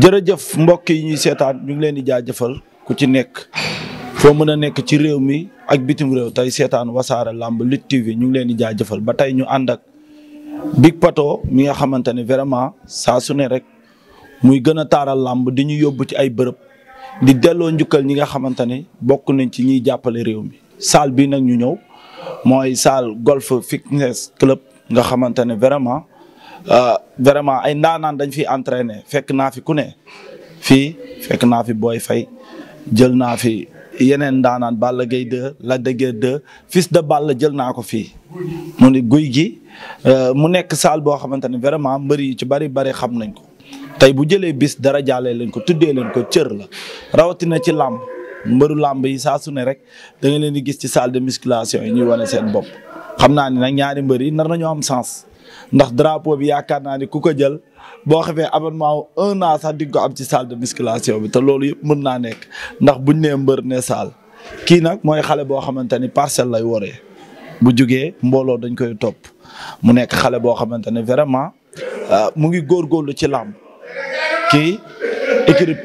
jërëjëf mbokk yi ñuy seetaan ñu ngi leen di jëfal ku ci nekk foo mën a nekk ci réew mi ak bitim réew tey seetaan wasaare làmb Lutte TV ñu ngi leen di jaajëfal ba tey ñu ànd ak Big Pato mi nga xamante ne vraiment saa su ne rek muy gën a taaral làmb di ñu yóbbu ci ay bërëb di delloo njukkal ñi nga xamante ne bokk nañ ci ñiy jàppale réew mi salle bi nag ñu ñëw mooy salle golf fitness club nga xamante ne vraiment Ah, vraiment ay ndaanaan dañ fi entraîner fekk naa fi ku ne fii fekk naa fi Boy Faye jël naa fi yeneen ndaanaan Balla Gaye 2 Lac de Guiers 2 fils de Balla jël naa ko fii mu ni guy gi euh, mu nekk saal boo xamante ne vraiment mbër yi ci bari bari xam nañ ko tey bu jëlee bis dara jàllee leen ko tuddee leen ko cër la rawatina ci lamb mbëru làmb yi saa ne rek da nga leen di gis ci sal de musculation yi ñuy wane seen bopp xam naa ni na ñaari mbër yi nar nañoo am sens ndax drapeau bi yaakaar naa ni ku ko jël boo xamee abonnement wu un an sax di ko am ci salle de musculation bi te loolu yëpp mën naa nekk ndax buñ nee mbër ne saal kii nag mooy xale boo xamante ni parcelle lay waree bu jugee mbooloo dañ koy topp mu nekk xale boo xamante ne vraiment euh, mu ngi lu ci lam kii équipe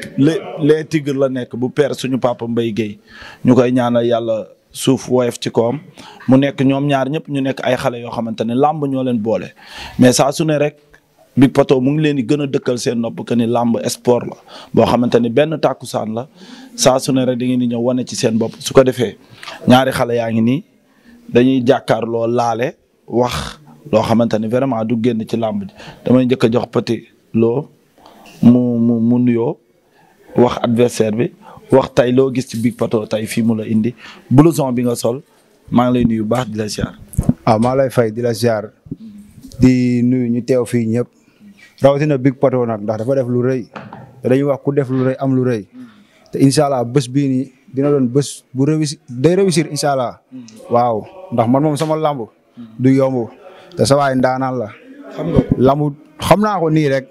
les tigres la nekk bu père suñu papa mbay Guèye ñu koy ñaanal yàlla. suuf woyef ci koom mu nekk ñoom ñaar ñëpp ñu nekk ay xale yoo xamante ne làmb ñoo leen boole mais saa su rek Big Pato mu ngi leen di gën a dëkkal seen nopp que ni làmb sport la boo xamante ni benn tàkkusaan la saa su rek da ngeen di ñëw wane ci seen bopp su ko defee ñaari xale yaa ngi nii dañuy jàkkaarloo laale wax loo xamante ni vraiment du génn ci làmb ji damay njëkk a jox Petit loo mu mu mu nuyoo wax adversaire bi wax tey loo gis ci Big Pato tey fii mu la indi blouson bi nga sol maa ngi lay nuyu baax di la ziar. waaw ah, lay fay di la ziar di nuyu ñu teew fii ñëpp rawatina Big Pato nag ndax dafa def lu rëy te dañuy wax ku def lu rëy am lu rëy te incha allah bés bii nii dina loon bés bu réussir day réussir incha allah waaw ndax man moom sama lamb du yomb te sa waay la. xam nga xam naa nii rek.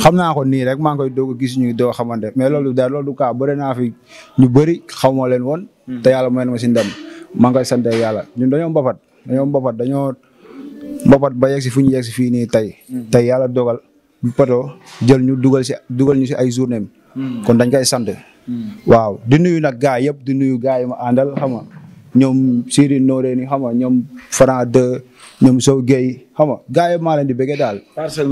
xam naa ko nii rek maa ngi koy doog a gis ñu doo xamante mais loolu daal loolu du cas bëri naa fi ñu bëri xaw ma leen woon. te yàlla may na ma si ndam maa ngi koy sant yàlla ñun dañoo mbapat dañoo ñoo dañoo ba yegg si fu ñu yegg si fii nii tey. tey yàlla dogal bu pato jël ñu dugal si dugal ñu si ay journée kon dañ koy sant. waaw di nuyu nag gars yëpp di nuyu gars yi ma àndal xam ñoom Siri Nooré ni ñoom Franc de ñoom Sow Guèye xam nga gars yi maa leen di daal.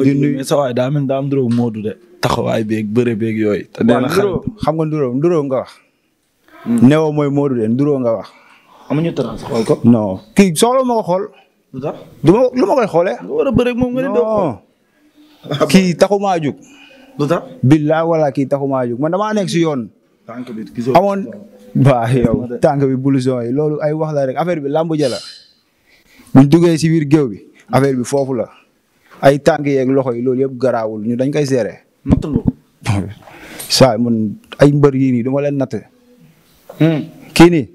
di nuyu mais sa daa mel daa am Nduro de. taxawaay beeg bëre beeg yooyu. te nee na xarit xam nga Nduro nga wax. Hmm. neewoo mooy Modou de Nduro nga wax. amuñu tëral xool ko. non kii ma ko xool. lu ma lu xoolee. nga war a kii taxumaa jug. lu tax billaa wala kii taxumaa jug man damaa nekk si yoon. tànk bi amoon. waa yow tànk bi blouson yi loolu ay wax la rek affaire bi làmb la buñ duggee si biir géew bi affaire bi foofu la ay tànk yeeg loxo yi loolu yëpp garaawul ñu dañ koy seere natt nga ko. saa ay mbër yii nii du ma leen natt. Hmm. kii nii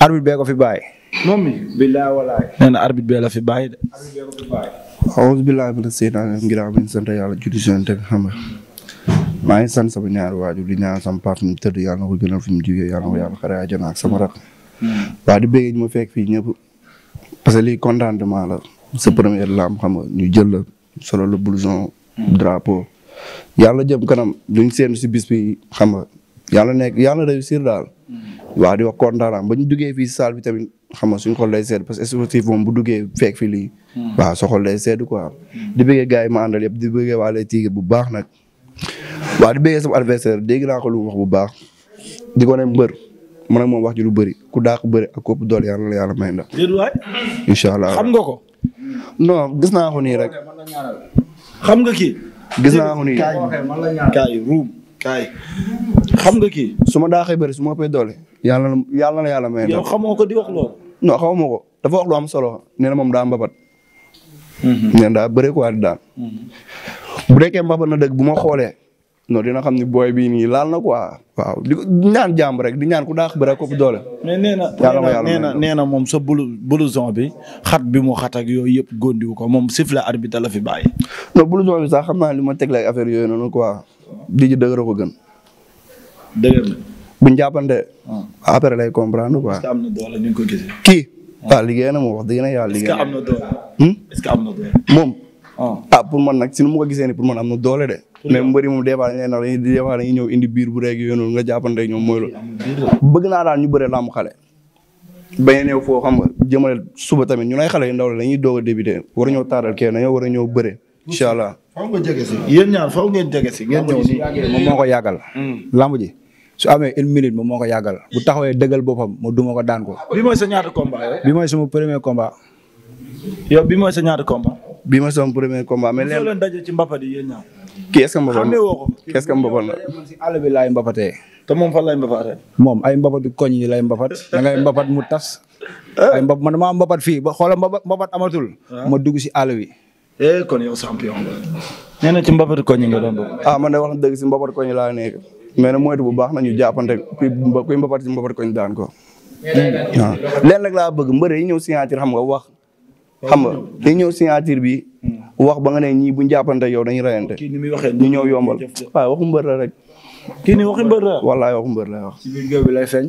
arbitre bee ko fi bàyyi. moom mi billaay walaay. nee na arbitre bee la fi bàyyi de. arbitre bee ko fi bàyyi. awuzu billaahi mina seytaane ginnaaw sant yàlla julli seen xam nga maa ngi sant sama ñaari waajur di ñaan sama papa mu tëdd yàlla na ko gënal fi mu jugee yàlla na ak sama rakk. Hmm. waa di ma fekk fii ñëpp. parce que lii contentement la sa première lamb xam nga ñu jël la solo la blouson drapeau yàlla jëm kanam duñ seen si bis bi xam nga yàlla nekk yàlla réussir daal waa di wax kontaan ba ñu duggee fii salle bi tamit xam nga suñ xol day sedd parce que sportif moom bu duggee feek fi lii waaw sa xol day sedd quoi di bëggee gars yi ma àndal yëpp di bëggee waa lay tiige bu baax nag waa di bëggee sama adversaire dégg naa lu wax bu baax di ko ne mbër man moom wax ji lu bëri ku daaku bëri a kopp doole yàlla la yàlla may ndax. incha allah xam nga ko. non gis naa ko nii rek. nga kii. gis naa ko nii nga kii. su ma daaxee bëri su ma koy doole. yàlla la yàlla la yàlla may ndax. xamoo ko di wax loolu. non xamuma ko dafa wax lu am solo nee moom daa mbabat. Mhm. nee na daa bëri quoi di daan. Mhm. bu dekkee na dëgg bu ma xoolee. non dina xam ni booy bii nii laal na quoi. waaw di ñaan jàmm rek di ñaan ku daax bëre ko doole. mais nee na nee na nee na moom sa bulu blouson bi xat bi mu xat yooyu yëpp góondiwu ko moom sifflet arbitre la fi bàyyi. non blouson bi sax xam naa li ma teg affaire yooyu noonu quoi. di ji dëgër ko gën. dëgër na. buñ jàppante. Ah. lay comprendre quoi. est-ce que am na ah, liggéey na moom wax dëgg na yàlla liggéey na. Hmm? moom. Ah. ah pour man nag si nu mu ko gisee ni pour man am na doole de. mais mbëri moom des fois dañ ñëw indi biir bu rek yoonu nga jàppante ñoom mooy loolu. bëgg naa daal ñu bëre làmb xale. bañ a néew xam jëmale suba tamit ñu nay xale yu ndaw la dañuy doog a débuté war ñoo taaral kenn dañoo war a ñëw bëre incha allah. faw nga jege si yéen ñaar faw ngeen si ngeen ñëw nii moom moo ko yàggal. Hmm. lamb ji su amee une minute moom moo ko yàggal bu taxawee dëggal boppam ma duma ko daan ko. bi mooy sa ñaata combat. bi mooy sama premier sa ñaata combat. bi ma sama premier combat. mais léegi leen daje ci mbapat yi yéen ñaar. que mbapat kii est si àll bi laay mbapatee. te moom fan laay mbapatee. moom ay mbapatu lay mbapat da ngay mu tas. ay mbap man maa fii ba xoolal mbapat amatul. ma dugg si àll bi. eh kon yow champion nga. ci mbapatu koñ yi nga doon doon. ah man de wax dëgg si mbapatu koñ laa na ñu jàppante kuy kuy mbapat si mbapatu koñ daan ko. waaw lenn nag laa bëgg xam nga wax xam nga day ñëw signature bi. Hmm. wax ba nga ne ñii bu ñu jàppante yow dañuy rayante. kii ni muy waxee ñu ñëw yombal waaw waxu mbër la rek. kii ni waxu mbër la. wallaay waxu mbër bi lay feeñ.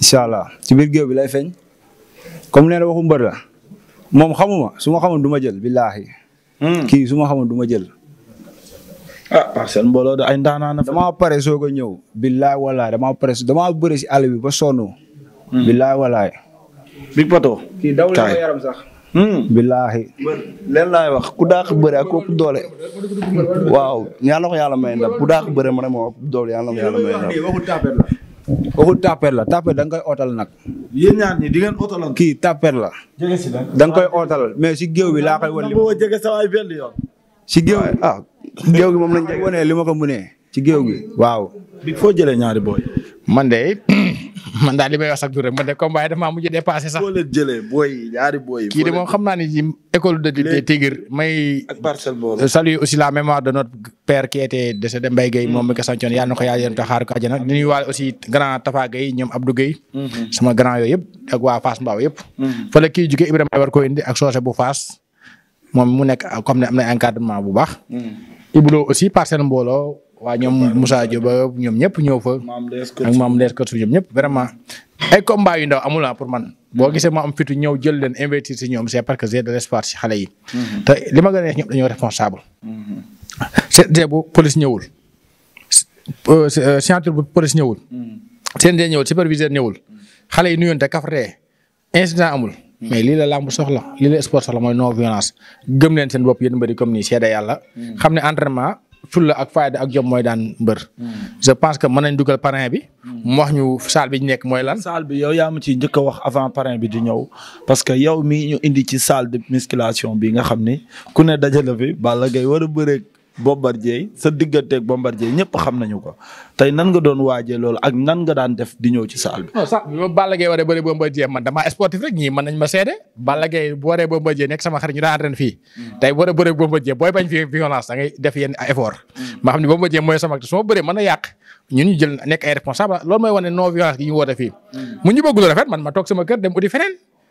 incha allah ci biir géew bi lay feeñ. comme nee waxu mbër la moom xamuma su ma xamoon du ma jël billaahi. Hmm. kii su ma xamoon du jël. ah parcelle mbooloo da ay ndaanaan. damaa pare soog ñëw. billaahi walaay damaa pare damaa bëri si àll bi ba sonn. Hmm. billaahi walaay. Big Pato. kii daw la ma yaram sax. Hmm. billaahi. leen laay wax ku daax bëre ak ku doole. waaw yàlla ko yàlla may ndam ku daax bëre ma ne ma doole yàlla ko yàlla may ndam. waxul tapet la tapet da koy ootal nag. yéen ñaar ñi di ngeen ootal kii tapet la. da koy ootal mais si géew bi laa koy wan. si géew bi ah. ah géew gi moom lañ koy wane li ma ko mënee. ci géew gi waaw. bi foo jëlee ñaari booy. man de. ma daal li may a sax du rek man de combat yi dafa mujj dépassé sax. boo leen jëlee booy yi ñaari moom xam naa ni école de lutte Tigre may. ak aussi la mémoire de notre père qui était décédé Mbaye Gueye moom mi mm. ko sancoon yàlla na ko yàlla yéen taxaar ko àjjana. di nuyuwaale aussi grand Tafa Gueye ñoom Abdou Gueye. Mm-hmm. sama grand yooyu yëpp ak waa Fass Mbao yëpp. Mm-hmm. fa la kii jugee Ibrahima war koo indi ak soose bu Fass moom mu nekk comme ne am na encadrement bu baax. Mm-hmm. Ibuloo aussi parcelle waa ñoom Moussa Diop ñoom ñëpp ñëw fa. ak maam Lees Kotsu ñoom ñëpp vraiment. ay combat yu ndaw amul ah, pour man boo gisee ma am fitu ñëw jël leen investir si ñoom c'est parce que j'ai de l'espoir si xale yi. Mm-hmm. te li ma gën a neex ñoom dañoo responsable. CNG mm-hmm. bu police ñëwul. Euh, euh, centre bu police ñëwul. CNG mm-hmm. ñëwul superviseur ñëwul. yi nuyoon te kafree incident amul. mais lii la làmb soxla lii la sport soxla mooy non violence gëm leen seen bopp yéen mbëri comme nii seede yàlla. xam ne entraînement fulla ak fayda ak jom mooy daan mbër. je pense que mën nañ dugal parrain bi. mu wax ñu salle bi ñu nekk mooy lan. salle bi yow yaa ma ciy njëkk a wax avant parrain bi di ñëw parce que yow mii ñu indi ci salle de musculation bi nga xam ni ku ne dajale fi Balla Gaye war a boo Bombardier sa digganteeg Bombardier ñëpp xam nañu ko tey nan nga doon waajee lool ak nan nga daan def di ñëw ci saal bi. non sax bi ma Balla Gaye waree bëri Bombardier ñii mën nañ ma seede Balla Gaye bu waree Bombardier nekk sama xarit ñu daan ren fii hmm. tey bu waree bëri Bombardier booy bañ fi violence da ngay def yenn effort. Hmm. ma xam ne Bombardier mooy sama te su ma a yàq ñun ñu jël nekk ay responsable loolu mooy wane non violence gi ñu woote fii. Hmm. mu ñu bëgg lu man ma toog sama dem uti feneen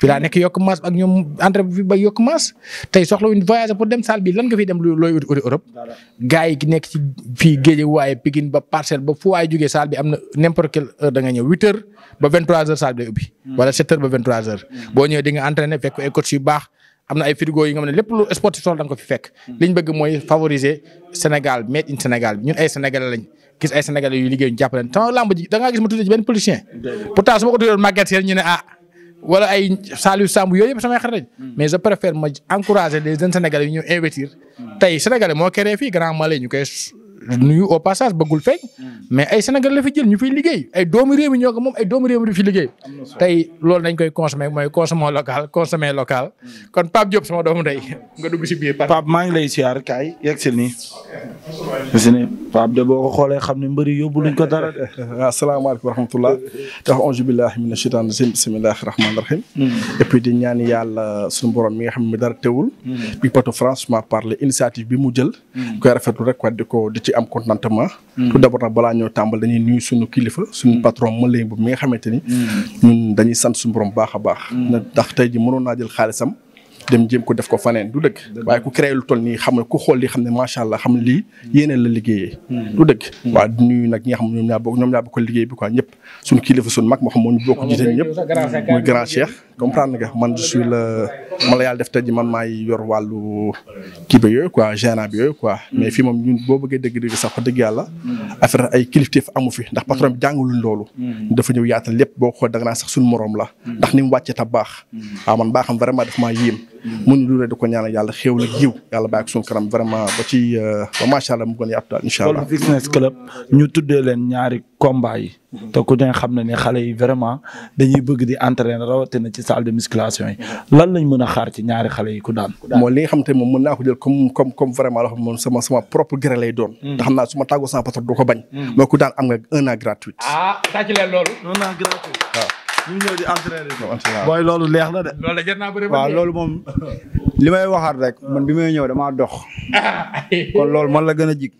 fi nekk yokk maas ak ñoom yokk maas tey soxla wuñ voyager ba parcelle ba fu waay jógee salle bi am na n'importe quelle heure da nga ñëw huit heures ba vingt hmm. hmm. baax. am na ay frigo yi nga hmm. mooy favoriser Sénégal made Sénégal ñun ay sénégalais lañ gis ay sénégalais yu liggéey ñu jàppale sama lamb ji da ngaa gis ma tuddee ci benn politicien. pourtant su ma ko tuddoon Maguette Sène ñu ne ah. wala ay Saliou Samb yooyu yëpp samay xarit hmm. mais a préfère ma encourager les jeunes sénégalais yu ñu investir. Hmm. tey sénégalais moo créé fii Grand ñu koy nuyu au passage bëggul feeñ mm. mais ay Sénégal la fi jël ñu fiy liggéey ay doomu réew ñoo ko moom ay doomu réew mi di fi liggéey tey loolu dañ koy consommer mooy consommer local consommer local mm. kon Pape Diop sama doomu ndey nga dugg si biir Pape maa ngi lay siyaar kaay yegg si nii si ni Pape de boo xoolee xam ne mbëri yóbbu luñ ko dara de asalaamaaleykum wa rahmatullah tax auzu billahi mina shaytaan rajim bismillahi rahmaani rahim mm. et puis di ñaan yàlla suñu mi nga xam ne dara teewul bi initiative bi mu jël koy rafetlu rek di ko ci am contentement. Mm. tout d'abord nag balaa ñoo tàmbal dañuy nuyu suñu kilifa suñu mm. patron mën leen bu mi nga xamante ni. Mm. ñun dañuy sant suñu borom baax a baax. ndax tey ji mënoon naa jël xaalisam. dem jéem ko def ko faneen du dëgg. waaye ku créé lu toll nii xam ne ku xool li xam ne macha allah xam ne lii hmm. yéene la liggéeyee. Hmm. du dëgg. Hmm. waaw di nuyu nag ñi nga xam ñoom ñaa bokk ñoom ñaa bokk liggéey bi quoi ñëpp suñu kilifa suñu mag moo xam moo ñu bokk jiite ñëpp. muy grand cheikh comprendre nga man je suis le ma la yàlla def tey ji man maay yor wàllu kii ba yooyu quoi gérant bi yooyu quoi. mais fii moom ñun boo bëggee dëgg-dëgg sax wax dëgg yàlla. affaire ay kilifteef amu fi ndax patron bi jàngaluñ loolu. dafa ñëw yaatal lépp boo xoolee da nga naan sax suñu morom la. ndax ni mu wàccee ta baax. waaw man baaxam vraiment daf maa yéem mënuñu lu rek di ko ñaanal yàlla xéew la yiw yàlla bàyyi ko suñu kanam ba ci euh, ba macha allah mu gën a yaatu daal incha allah. fitness club ñu tuddee leen ñaari combat yi. te ku ne xam na ne xale yi vraiment dañuy bëgg di entraîner rawatina ci salle de musculation yi lan lañ mën a xaar ci ñaari xale yi ku daan. mooy li xam te moom mën naa ko comme comme comme hmm. xam naa su ma tàggoo sama patron du ko bañ. Hmm. mooy ku daan am nga un an gratuit. ah leen loolu. ñu ñëw di entraîner. booy loolu leex na de. loolu naa bëri waaw loolu moom. li may waxaat rek man bi may ñëw damaa dox. kon loolu man la gën a jig.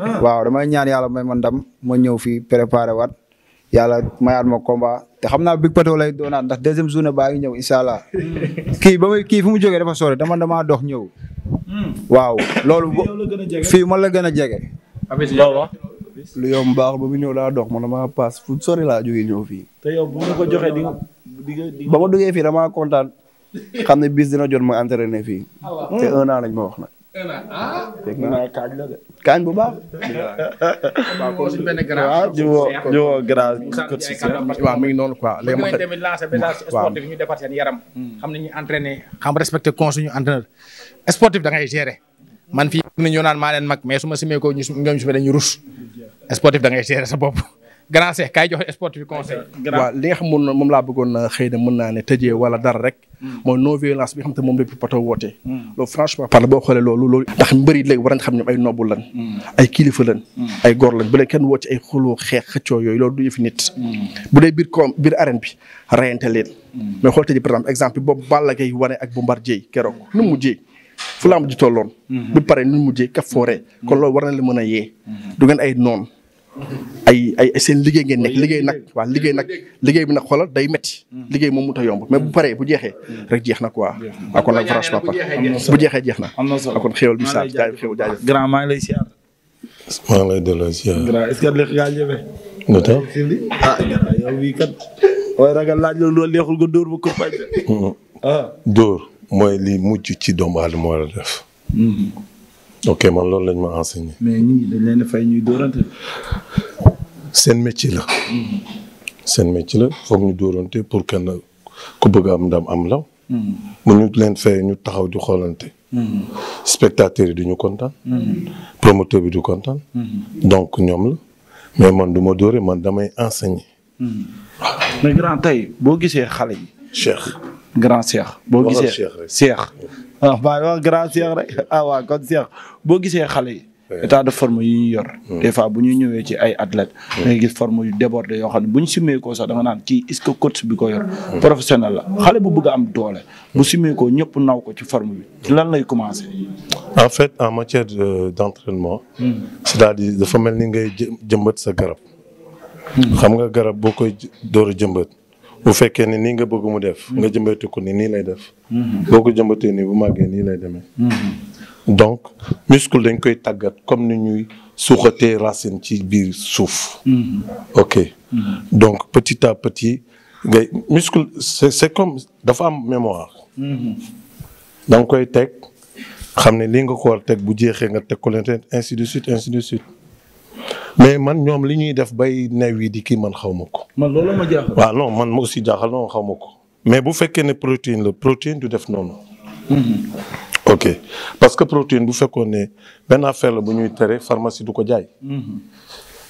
Ah. waaw damay ñaan yàlla may man ndam ma ñëw fi préparé waat yàlla mayaat ma combat te xam naa Big Pato lay doonaat ndax deuxième journée baa ngi ñëw incha allah. kii ba kii fu mu jógee dafa sori dama damaa dox ñëw. Hmm. waaw loolu. fii man la gën a jege. lu yom baax ba mu ñëw laa dox ma na paas fu sori laa jógee ñëw fii. te yow bu ñu ko joxee di nga ba ma duggee fii damaa kontaan xam ne bis dina jot ma entraîné fii. Ah, te un lañ ma wax nag. ah. fekk naa la de. kaañ bu baax. waaw kon suñ benn grâce. jiwoo jiwoo grâce. waaw mi ngi noonu quoi. léegi ma tamit lancer message sportif ñu defar seen yaram. Hmm. xam ne ñu entraîné. xam respecté con ñu entraîneur. sportif da ngay gérer. man fii ñu naan maa leen mag mais su ma simee ko ñu ñoom su ma dañuy rus. sportif da ngay gérer sa bopp. grand Cheikh kaay joxe sportif conseil. waaw li nga xam moom laa bëggoon euh, xëy na mën naa ne tëjee wala dara rek. Hmm. mooy non violence bi nga xam te moom la Pato woote. Hmm. loolu franchement parle boo xoolee loolu loolu. ndax mbëri léegi war nañ xam ñoom ay nobbu lan. Hmm. ay kilifa lan. ay góor lan bu dee kenn woo ay xuloo xeex xëccoo yooyu loolu du yëfi nit. bu dee biir koom bi reyante leen. mais xool tëjee par exemple exemple boobu Balla Gaye ak mu mujjee. fu lamb ji tolloon. bu paree nu mu mujjee ka fooree. kon la mën a yee. du ngeen ay ay seen liggéey ngeen nekk liggéey nag waa liggéey nag liggéey bi nag xoolal day metti mm. liggéey moom mu ta yomb mais bu paree bu jeexee mm. jeex na quoi waaw kon nag franchement bu jeexee jeex na waaw kon xéwal bi saa jaay xéwal jaay grand lay siyaar maa ngi lay delloo siyaar grand est ah, laaj la loolu nga dóor ba ko ah. dóor mooy li mucc ci doom aadama war a def mm-hmm. ok man loolu lañ ma enseigné. mais ñii dañ leen fay ñuy dóorante. seen métier la. seen métier la foog ñu dóorante pour kenn ku bëgg am ndam am la. bu hmm. ñu leen fay ñu taxaw di xoolante. Hmm. spectateur yi duñu ñu kontaan. Hmm. promoteur bi du kontaan. donc ñoom la mais man du ma dóore man damay enseigner. mais grand boo gisee xale yi. Cheikh. grand Cheikh. boo gisee Cheikh oh. ah, waaw maa ngi wax grand ah, Cheikh boo gisee xale yi. état de forme yi ñu yor. Mm. fois bu ñu ñëwee ci ay athlètes. Mm. da ngay gis forme yu débordé yoo xam bu ñu simee sax da nga naan kii est-ce que coach bi ko yor. Mm. professionnel la xale bu bëgg am doole. bu simee ñëpp naw ko ci forme bi ci lan lay commencer. en fait en matière de d'entraînement. c'est-à-dire dafa mel ni ngay jëmbat sa garab. xam nga garab boo koy door a jëmbat. bu fekkee ne nii nga bëgg mu def. nga jëmbatee ko ni nii lay def. Mm-hmm. boo ko jëmbatee nii bu màggee nii lay demee. Mm-hmm. donc muscle dañ koy tàggat comme ni ñuy suuxatee racine ci biir suuf. Mm-hmm. ok donc petit à petit ngay muscle c'est comme dafa am mémoire. da koy teg xam ne lii nga ko war teg bu jeexee nga teg ko leen ainsi de suite ainsi de suite. mais man ñoom li ñuy def bay new yi di kii man xaw ma ko. man loolu ma jaaxal. waaw man ma aussi jaaxal non xaw ma ko. mais bu fekkee ne protéine la protéine du def noonu. Mm-hmm. ok parce que protéine bu fekkoon ne benn affaire la bu ñuy teree pharmacie du ko jaay. Mm-hmm.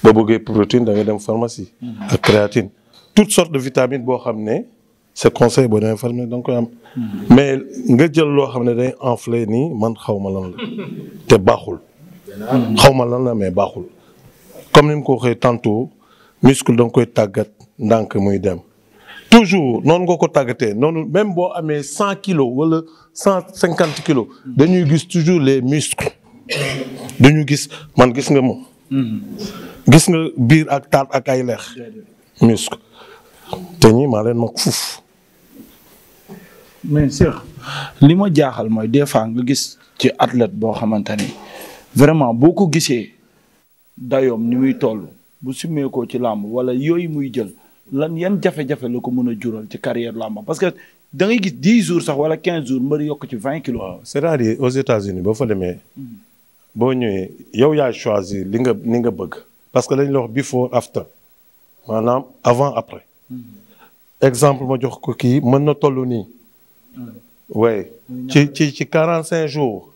boo bëggee protéine da ngay dem pharmacie. Mm-hmm. ak créatine toutes sortes de vitamines boo xam ne. c' est conseil boo demee pharmacie da mais nga jël loo xam ne day enflé nii man xawma ma la te baaxul. xaw ma lan la mais baaxul. comme ni mu ko waxee tantôt muscle da koy tàggat ndànk muy dem toujours noonu nga ko tàggatee noonu même boo amee cent kilos wala cent cinquante kilos dañuy gis toujours les muscles dañu gis man gis nga mu gis nga biir ak taat ak ay leex. muscle te ñii maa leen mag fuuf. mais Cheikh li ma jaaxal mooy des fois nga gis ci athlète boo xamante ni vraiment boo ko gisee. dayoom ni muy toll bu simmee ko ci làmb wala yooyu muy jël lan yan jafe-jafe la ko mën a jural ci carrière làmb parce que da ngay gis dix jours sax wala quinze jours mbër yokk ci vingt kilos. waaw c'est-à-dire aux États-Unis boo fa demee. Hmm. boo ñëwee yow yaa choisir li nga ni nga bëgg. parce que lañ la wax before after maanaam avant après. Hmm. exemple ma jox ko kii mën na toll nii. waaye hmm. ci ci ci quarante cinq jours.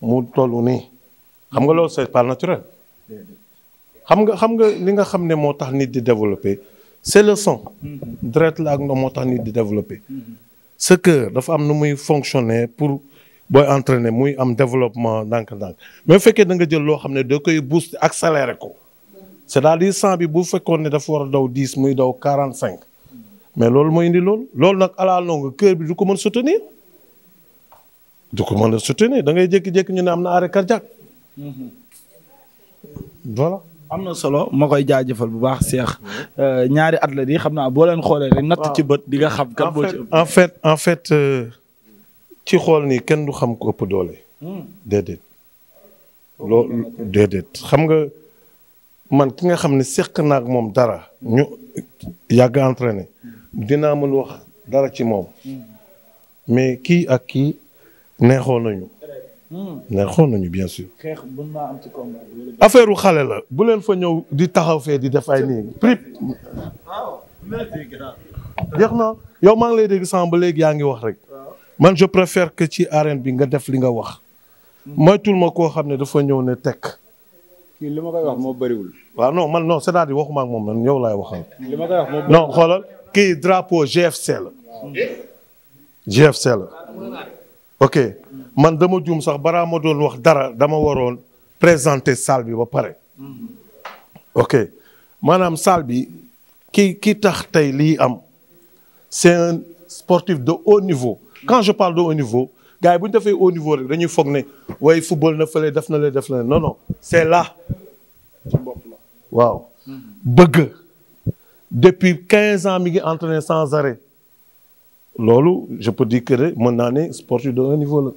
mu toll nii. xam nga loolu c'est pas naturel. xam nga xam nga li nga xam ne moo tax nit di développer c'est le sang. Mm-hmm. deret la ak ndox moo tax nit di développer. Mm-hmm. sa cœur dafa am nu muy fonctionner pour booy entraîner muy am développement ndànk-ndànk mais fekkee da nga jël loo xam ne da koy booster accélérer ko. c'est-à-dire sang bi bu fekkoon ne dafa war a daw dix muy daw quarante cinq. mais loolu mooy indi lool loolu nag à la longue cœur bi du ko mën soutenir du ko mën a soutenir da ngay jékki-jékki ñu ne am na arrêt voilà. am na solo ma koy jaajëfal bu baax Cheikh euh, ñaari at la di xam naa boo leen xoolee rek natt ci bët di nga xam. kan boo ci en fait en fait euh, ci xool nii kenn du xam ko ëpp doole. Hmm. déedéet. loolu xam nga man ki nga xam ne seq na moom dara ñu yàgg entraîné dinaa mën wax dara ci moom hmm. mais kii ak kii neexoon nañu. Hmm. neexoon nañu bien sûr. affaire u xale la bu leen fa ñëw di taxaw fee di def ay nii prip. jeex na yow maa ngi lay dégg sànq ba léegi yaa ngi wax rek. man je préfère que ci arène bi nga def li nga wax. Hmm. moytul ma koo xam ne dafa ñëw ne tek kii li ma koy wax moo bëriwul. waaw non man non c'est-à-dire waxuma moom man yow laay waxal. li wax moo non xoolal kii drapeau GFC la. Hmm. Eh? GFC la. Ah, ok man dama juum sax balaa ma doon wax dara dama waroon présenter salle bi ba pare. ok maanaam salle bi ki ki tax tey lii am c'est un sportif de haut niveau. quand je parle de haut niveau gars yi bu ñu defee haut niveau rek dañuy foog ne way football na fële def na lee def na non non c'est là. waaw. Mm-hmm. bëgg depuis quinze ans mi ngi entraîné sans arrêt. loolu je peux dire que mën naa ne sport yu niveau la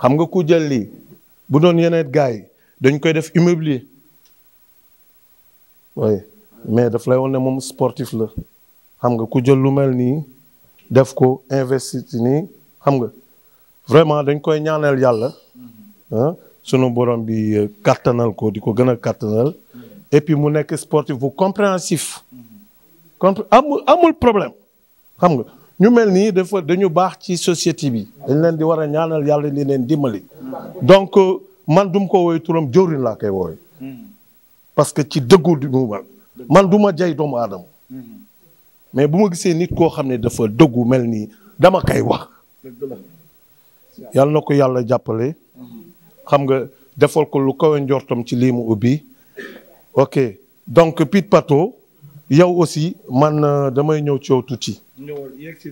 xam nga ku jël lii bu doon yeneen gars yi dañ koy def immobilier oui mais daf lay woon ne moom sportif la xam nga ku jël lu mel nii def ko investir nii xam nga vraiment dañ koy ñaanal yàlla ah sunu borom bi euh, kattanal ko di ko gën a kattanal et puis mu nekk sportif bu compréhensif. compre amul amul problème xam nga. ñu mel nii dafa dañu baax ci société bi dañ leen di war a ñaanal yàlla li leen dimbali donc man dum ko woy turam jëwriñ laa koy wooy parce que ci dëggu du mu man man du ma jay doomu aadama mais bu ma gisee nit koo xam ne dafa dëggu mel nii dama koy wax yàlla na ko yàlla jàppale xam nga defal ko lu kawe njortam ci lii mu ubbi ok donc Pit Pato yow aussi man euh, damay ñëw ci yow tuuti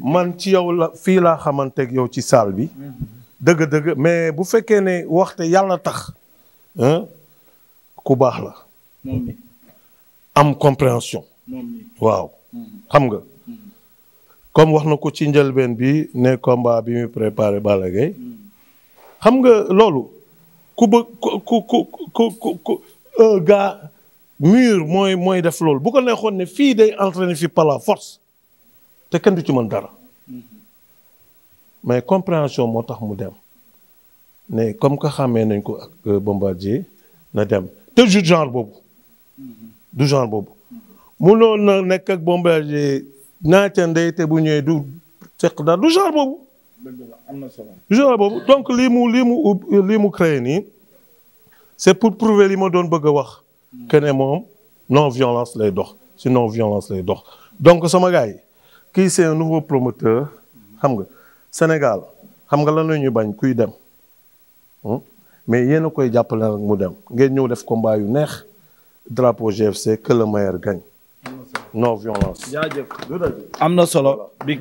man ci yow la fii laa xamanteeg yow ci salle bi mhm. dëgg-dëgg mais bu fekkee ne waxte yàlla tax ku baax la am compréhension waaw mhm. xam nga mhm. comme wax na ko ci njëlbeen bi ne combat bi muy préparé Balla Gaye xam nga loolu ku bëgg ku ku ku ku ku mur mooy mooy def loolu bu ko neexoon ne fii day entraîner fii par la force te kenn du ci man dara mais compréhension moo tax mu dem ne comme que xàmmee nañ ko ak euh, bombardier na dem te ju genre boobu du genre boobu mu loolu nekk ak bombardier naata bu ñëwee du fekk dara du genre boobu. am na donc lii mu lii mu lii mu créé nii c'est pour prouver li ma doon bëgg a wax. que moom non violence lay dox si non violence dox donc sama gars yi kii c'est un nouveau promoteur xam nga Sénégal xam nga lan la ñuy bañ kuy dem hmm? mais yéen a koy jàppale rek mu dem ngeen ñëw def combat yu neex drapeau GFC que le meilleur non violence. am na solo. big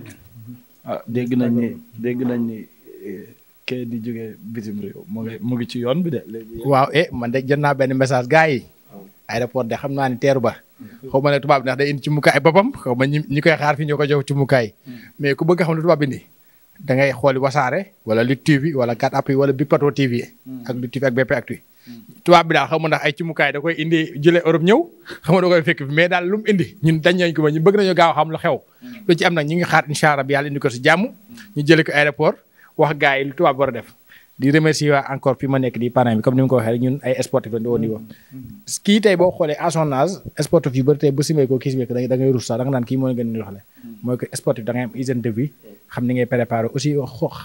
ah dégg nañ ni dégg nañ ni eh, kee di jógee bitim réew mu ngi ci yoon bi de. waaw eh man de jot naa benn message gars yi. aéroport de xam naa ne teeru ba xaw ma ne tubaab ndax day indi ci mukaay boppam xaw ma ñi ñi koy xaar fi ñoo ko jox ci mais ku bëgg xam ne tubaab indi da ngay xooli wasaare wala Lutte TV wala 4appuis wala Big Pato TV ak Lutte TV ak bi daal xaw ma ndax ay ci mukaay da koy indi jëlee Europe ñëw xam nga da koy fekk mais daal lu mu indi ñun dañ nañ ko ba ñu bëgg nañu gaaw xam lu xew lu ci am nag ñi ngi xaar incha allah bi yàlla indi ko si jàmm ñu jëlee ko aéroport wax gars yi lu tubaab war def di remercier waa encore fi ma nekk di parrain bi comme ni ma ko waxee rek ñun ay sportif lañ di au niveau mm-hmm. Mm-hmm. kii tey boo xoolee à son âge sportif yu bëri tey ba simee ko kii simee ko da ngay rus sax da nga naan kii moo la gën di doxale mm-hmm. mooy que sportif da ngay am hygiène xam ni ngay préparé aussi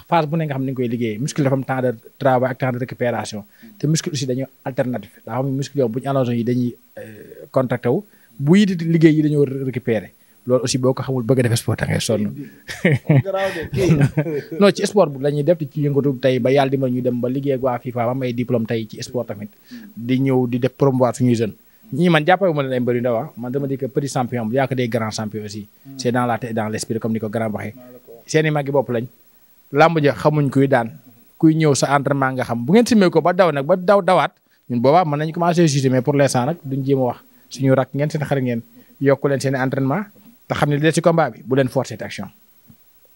phase bu ne xam ni nga koy liggéeyee muscle dafa am temps de travail ak temps de récupération te muscle aussi dañoo alternative daa xam muscle yow bu ñu yi dañuy euh, contracté wu bu loolu aussi boo ko xamul bëgg a def sport da ngay sonn non ci sport bu la ñuy def ci yëngatu tey ba yàlla dimbali ñu dem ba liggéey ak waa FIFA ba may diplôme tey ci sport tamit di ñëw di def promouvoir suñuy jeunes ñii man jàppale ma leen ay mbër yu ndaw ah. man dama di que petit champion yaa ko des grands champions aussi hmm. c'est dans la tête dans l'esprit comme ni seeni magi bopp lañ làmb ja xamuñ kuy daan kuy ñëw sa entraînement nga xam bu ngeen simee ko ba daw nag ba daw dawaat ñun boobaa mën nañu commencé juger mais pour l'instant nag duñ jéem a wax suñu rak ngeen seen xar seen entraînement te xam ne li ci combat bi bu leen forcer action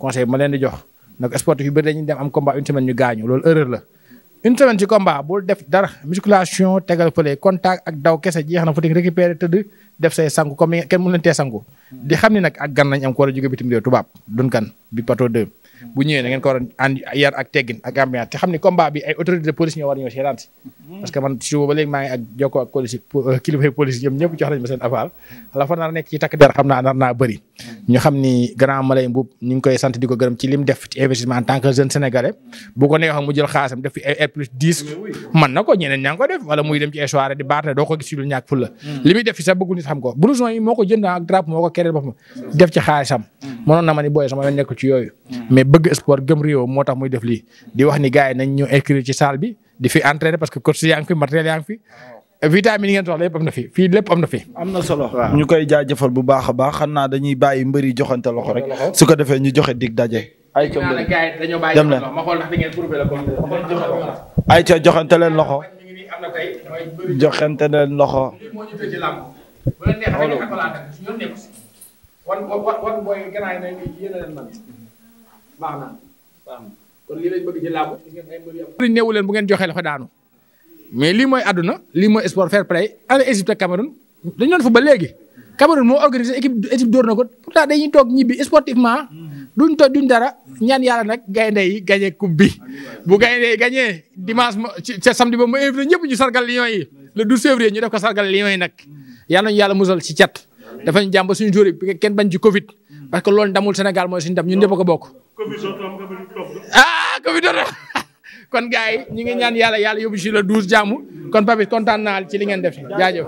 conseil bi ma leen di jox nag sportif yu bëri dañuy dem am combat une semaine ñu gaañu loolu erreur la. une semaine ci combat bul def dara musculation tegal fële contact ak daw kese jeex na footing récupérer tëdd def say sangu comme kenn mu leen tee sangu. di xam ni nag ak gan nañ am ko war a jóge bitim réew tubaab dun kan bi plateau 2 bu ñëwee da ngeen ko war a yar ak teggin ak ambiance te xam ne combat bi ay autorité de police ñoo war ñoo seetaan mm-hmm. parce que man suba ba léegi maa ak police euh, kilifa police yëpp ñëpp jox nañ ma seen aval mm-hmm. la fa nar nekk ci takk der xam naa nar ñu xam ni grand Malay Mboup ñu koy sant di ko ci lim def ci investissement en tant que jeune sénégalais bu ko neexoon mu jël xaasam def di baat doo ko gis ci lu ñàkk ful hmm. def fi sax bëggul xam ko blouson yi moo ko jënd ak drapeau moo ko kereel boppam def ci xaalisam hmm. mënoon na ma booy sama yoon yooyu hmm. mais bëgg sport gëm réew moo tax muy def lii di wax ni gars yi nañ ñu di fi entraîner parce que coach yaa fi matériel yaa fi oh. vitamine yi ngeen soxla yëpp am na fi fii lépp am na fi. am na solo ñu koy jaajëfal bu baax a baax xanaa dañuy bàyyi mbëri joxante loxo rek su ko defee ñu joxe dig daje. ay mbëri dem leen ayca leen loxo joxante leen loxo. wan wan leen bu ngeen joxe loxo daanu. mais lii mooy àdduna lii mooy sport fair play ana Égypte ak Cameroun dañu doon fa ba léegi Cameroun moo organisé équipe équipe dóor na ko pourtant dañuy toog ñibbi sportivement duñ toog duñ dara ñaan yàlla nag gaynde yi gagné coupe bi bu gaynde yi gagné dimanche ma ci samedi ba ma invité ñëpp ñu sargal lion yi le 12 février ñu def ko sargal lion yi nag yàlla nañu yàlla musal ci cat dafa ñu jàmba suñu joueur bi kenn bañ ci Covid parce que loolu ndamul Sénégal mooy suñu ndam ñun ñëpp a ko bokk. kon gars yi ñu ngi ñaan yàlla yàlla yóbbu si la douze jàmm kon papi kontaan naa ci li ngeen def jaajëf